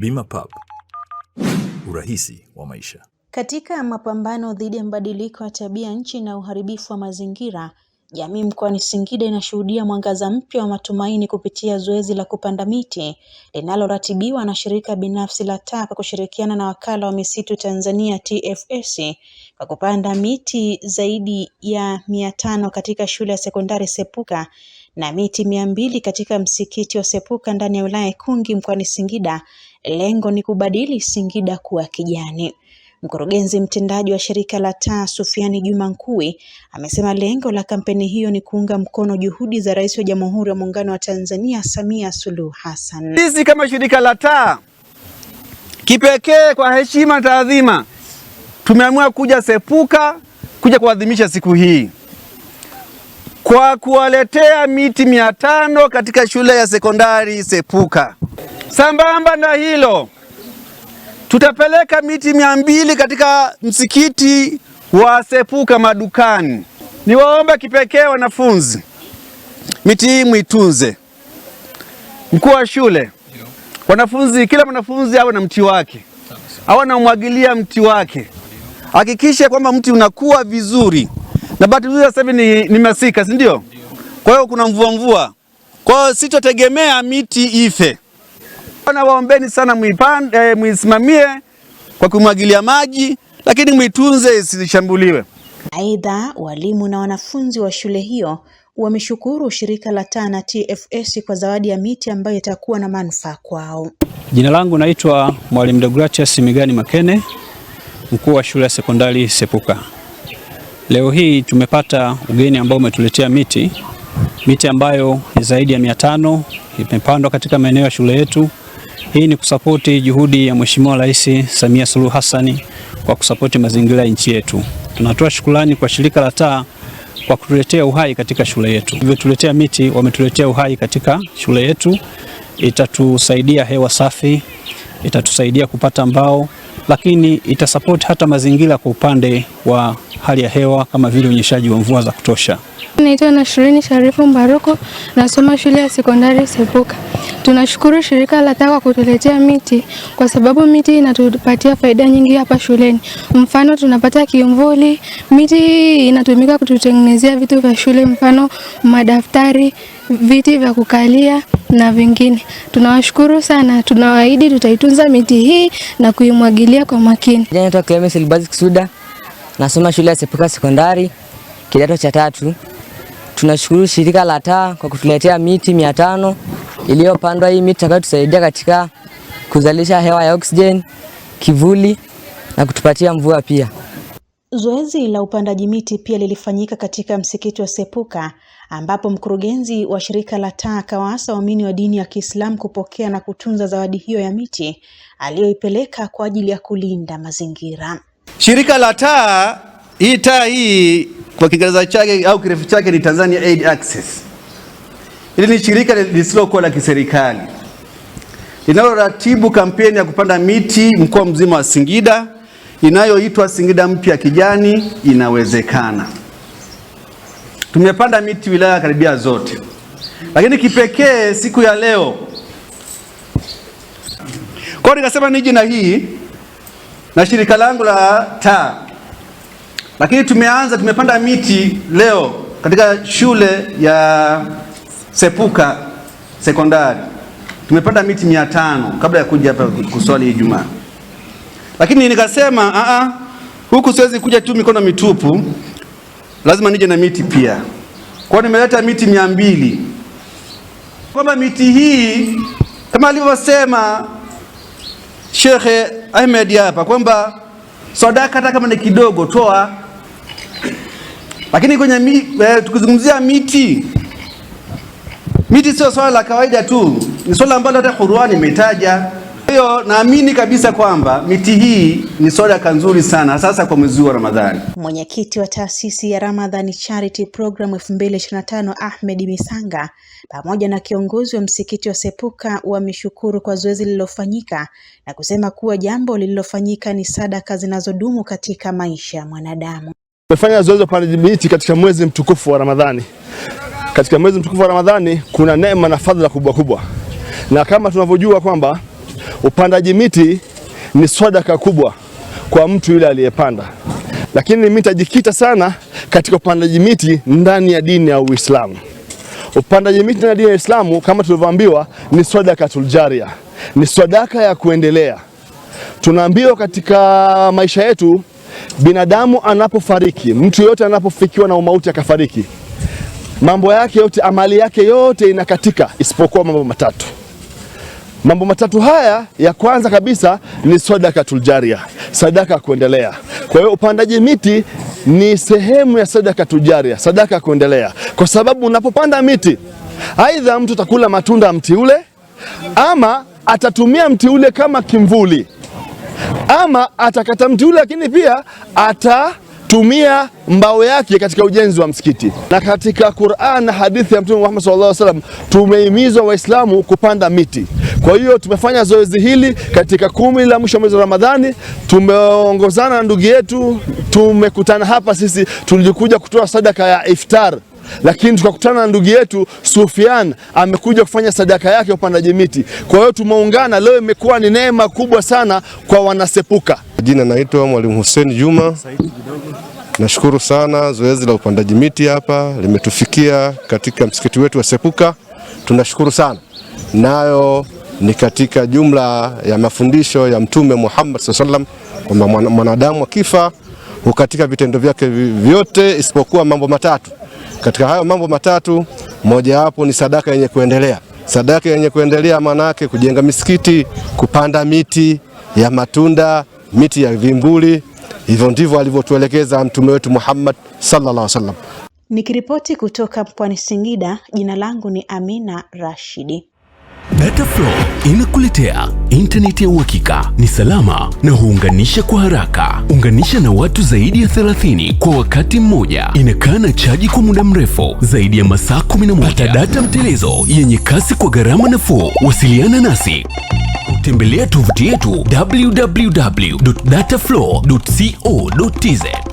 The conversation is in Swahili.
Bima Pub, urahisi wa maisha. Katika mapambano dhidi ya mabadiliko ya tabia nchi na uharibifu wa mazingira, jamii mkoani Singida inashuhudia mwangaza mpya wa matumaini kupitia zoezi la kupanda miti linaloratibiwa na shirika binafsi la TAA kwa kushirikiana na wakala wa misitu Tanzania TFS kwa kupanda miti zaidi ya mia tano katika shule ya sekondari Sepuka na miti mia mbili katika msikiti wa Sepuka ndani ya wilaya kungi Ikungi mkoani Singida. Lengo ni kubadili Singida kuwa kijani. Mkurugenzi mtendaji wa shirika la TAA Sufiani Juma Nkui amesema lengo la kampeni hiyo ni kuunga mkono juhudi za Rais wa Jamhuri ya Muungano wa Tanzania Samia Suluhu Hassan. Sisi kama shirika la TAA kipekee, kwa heshima taadhima, tumeamua kuja Sepuka kuja kuadhimisha siku hii kwa kuwaletea miti mia tano katika shule ya sekondari Sepuka. Sambamba na hilo, tutapeleka miti mia mbili katika msikiti wa Sepuka Madukani. Niwaombe kipekee wanafunzi, miti hii mwitunze. Mkuu wa shule, wanafunzi, kila mwanafunzi awe na mti wake, awe anamwagilia mti wake, hakikishe kwamba mti unakuwa vizuri na bahati nzuri sasa hivi ni, ni masika si ndio? Kwa hiyo kuna mvua mvua, kwa hiyo sitotegemea miti ife. Na waombeni sana muipande, eh, muisimamie kwa kumwagilia maji, lakini muitunze isishambuliwe. Aidha, walimu na wanafunzi wa shule hiyo wameshukuru shirika la TANA TFS kwa zawadi ya miti ambayo itakuwa na manufaa kwao. Jina langu naitwa Mwalimu Deogratius Migani Makene, mkuu wa shule ya sekondari Sepuka. Leo hii tumepata ugeni ambao umetuletea miti, miti ambayo ni zaidi ya mia tano imepandwa katika maeneo ya shule yetu. Hii ni kusapoti juhudi ya Mheshimiwa Rais Samia Suluhu Hassan kwa kusapoti mazingira ya nchi yetu. Tunatoa shukrani kwa shirika la TAA kwa kutuletea uhai katika shule yetu. tuletea miti, wametuletea uhai katika shule yetu. Itatusaidia hewa safi, itatusaidia kupata mbao lakini itasapoti hata mazingira kwa upande wa hali ya hewa kama vile unyeshaji wa mvua za kutosha. Naitwa na Shirini Sharifu Mbaruko, nasoma shule ya sekondari Sepuka. Tunashukuru shirika la TAWA kutuletea miti kwa sababu miti inatupatia faida nyingi hapa shuleni. Mfano, tunapata kimvuli. Miti inatumika kututengenezea vitu vya shule, mfano madaftari viti vya kukalia na vingine. Tunawashukuru sana, tunawaahidi tutaitunza miti hii na kuimwagilia kwa makini. Naitwa Clemence Elbazi Kisuda, nasoma shule ya Sepuka Sekondari kidato cha tatu. Tunashukuru shirika la TAA kwa kutuletea miti mia tano iliyopandwa. Hii miti itakayotusaidia katika kuzalisha hewa ya oksijeni, kivuli na kutupatia mvua pia. Zoezi la upandaji miti pia lilifanyika katika msikiti wa Sepuka ambapo mkurugenzi wa shirika la TAA Kawasa waamini wa dini ya Kiislamu kupokea na kutunza zawadi hiyo ya miti aliyoipeleka kwa ajili ya kulinda mazingira. Shirika la TAA hii TAA hii kwa Kiingereza chake au kirefu chake ni Tanzania Aid Access. Hili ni shirika lisilokuwa la kiserikali linaloratibu kampeni ya kupanda miti mkoa mzima wa Singida inayoitwa Singida Mpya Kijani inawezekana. Tumepanda miti wilaya karibia zote, lakini kipekee siku ya leo kwao, nikasema ni na hii na shirika langu la TAA, lakini tumeanza tumepanda miti leo katika shule ya Sepuka Sekondari tumepanda miti mia tano kabla ya kuja hapa kuswali Ijumaa. Lakini nikasema aa, ah, ah, huku siwezi kuja tu mikono mitupu, lazima nije na miti pia. Kwa hiyo nimeleta miti mia mbili kwamba miti hii kama alivyosema Shekhe Ahmed hapa kwamba sadaka hata kama ni kidogo toa, lakini kwenye mi, eh, tukizungumzia miti miti sio swala la kawaida tu, ni swala ambalo hata Qur'ani imetaja kwa hiyo naamini kabisa kwamba miti hii ni sadaka nzuri sana sasa kwa mwezi wa Ramadhani. Mwenyekiti wa taasisi ya Ramadhani Charity Program 2025 Ahmed Misanga pamoja na kiongozi wa msikiti wa Sepuka wameshukuru kwa zoezi lililofanyika na kusema kuwa jambo lililofanyika ni sadaka zinazodumu katika maisha ya mwanadamu. Tumefanya zoezi la upandaji miti katika mwezi mtukufu wa Ramadhani. Katika mwezi mtukufu wa Ramadhani kuna neema na fadhila kubwa kubwa, na kama tunavyojua kwamba Upandaji miti ni swadaka kubwa kwa mtu yule aliyepanda, lakini nitajikita sana katika upandaji miti ndani ya dini ya Uislamu. Upandaji miti ndani ya dini ya Uislamu kama tulivyoambiwa ni swadaka tuljaria, ni swadaka ya kuendelea. Tunaambiwa katika maisha yetu binadamu anapofariki, mtu yote anapofikiwa na umauti akafariki, mambo yake yote, amali yake yote inakatika isipokuwa mambo matatu. Mambo matatu haya, ya kwanza kabisa ni sadaka tuljaria sadaka kuendelea. Kwa hiyo upandaji miti ni sehemu ya sadaka tuljaria, sadaka kuendelea, kwa sababu unapopanda miti, aidha mtu atakula matunda ya mti ule, ama atatumia mti ule kama kimvuli, ama atakata mti ule, lakini pia ata tumia mbao yake katika ujenzi wa msikiti. Na katika Qur'an na hadithi ya Mtume Muhammad sallallahu alaihi wasallam tumehimizwa Waislamu kupanda miti. Kwa hiyo tumefanya zoezi hili katika kumi la mwisho mwezi wa Ramadhani, tumeongozana na ndugu yetu, tumekutana hapa sisi, tulikuja kutoa sadaka ya iftar lakini tukakutana na ndugu yetu Sufian amekuja kufanya sadaka yake upandaji miti. Kwa hiyo tumeungana leo, imekuwa ni neema kubwa sana kwa wanasepuka. Jina naitwa Mwalimu Hussein Juma. Nashukuru sana zoezi la upandaji miti hapa limetufikia katika msikiti wetu wa Sepuka, tunashukuru sana. Nayo ni katika jumla ya mafundisho ya Mtume Muhammad SAW kwamba mwanadamu akifa hukatika vitendo vyake vyote isipokuwa mambo matatu. Katika hayo mambo matatu, mojawapo ni sadaka yenye kuendelea. Sadaka yenye kuendelea maana yake kujenga misikiti, kupanda miti ya matunda miti ya vimbuli. Hivyo ndivyo alivyotuelekeza mtume wetu Muhammad sallallahu alaihi wasallam. Nikiripoti kutoka Pwani Singida, jina langu ni Amina Rashidi. Dataflow inakuletea intaneti ya uhakika, ni salama na huunganisha kwa haraka. Unganisha na watu zaidi ya 30 kwa wakati mmoja. Inakaa na chaji kwa muda mrefu zaidi ya masaa 11. Pata data mtelezo yenye kasi kwa gharama nafuu. Wasiliana nasi tembelea tovuti yetu www.dataflow.co.tz.